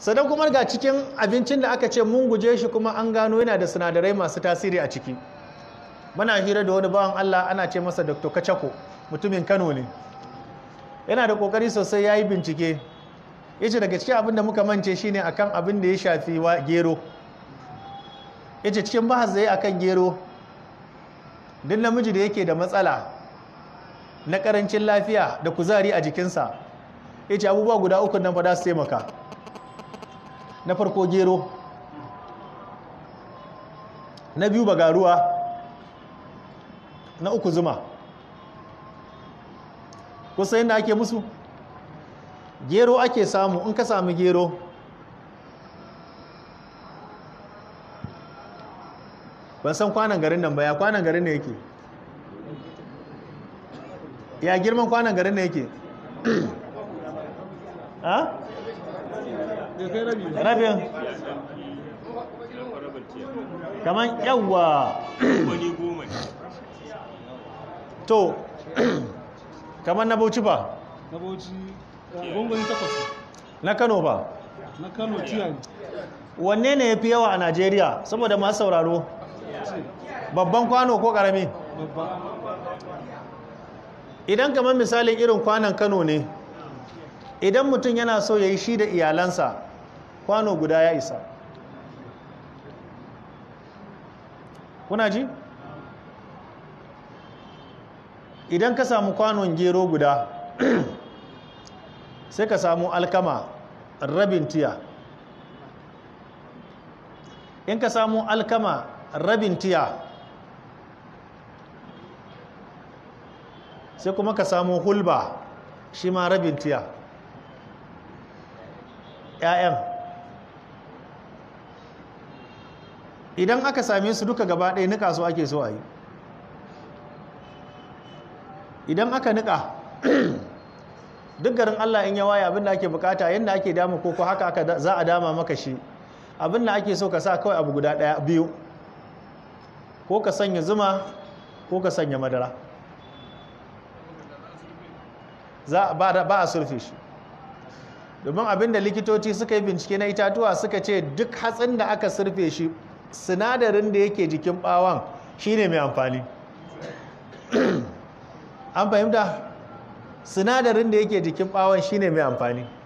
sannan kuma ga cikin abincin da aka ce mun guje shi kuma an gano yana da sinadarai masu tasiri a ciki muna hira da wani bawan Allah ana ce masa Dr. Kachako mutumin Kano ne yana da kokari sosai yayi bincike yace daga cikin abin da muka mance shine akan abin da ya shafi wa gero yace cikin bahas da akan gero duk namiji da yake da matsala na karancin lafiya da kuzari a jikinsa yace abubuwa guda uku nan fa da su taimaka na farko gero na biyu bagaruwa na uku zuma kusa yadda ake musu gero ake samu in ka sami gero ban san kwanan garin nan ba ya kwanan garin ne yake ya girman kwanan garin ne yake ha ah? rabin kamar yawwa to kamar na bauchi ba na bauchi gungun takwas na kano ba na kano tiyan wanne ne ya fi yawa a najeriya saboda masu sauraro babban kwano ko karami idan kamar misalin irin kwanan kano ne idan mutum yana so ya yi shi da iyalansa kwano guda ya isa kuna ji idan ka samu kwanon gero guda sai ka samu alkama rabin tiya in ka samu alkama rabin tiya sai kuma ka samu hulba shi ma rabin tiya 'ya'yan idan aka same su duka gaba ɗaya nika su ake so a yi idan aka nika duk garin Allah in yawaye abinda abin da ake bukata yadda ake dama koko haka za a dama maka shi abin ake so ka sa kawai abu guda ɗaya biyu ko ka sanya zuma ko ka sanya madara ba a surfe shi domin abinda likitoci suka yi bincike na itatuwa suka ce duk hatsin da aka surfe shi sinadarin da yake jikin bawan, shine mai amfani an fahimta sinadarin da yake jikin bawan, shine mai amfani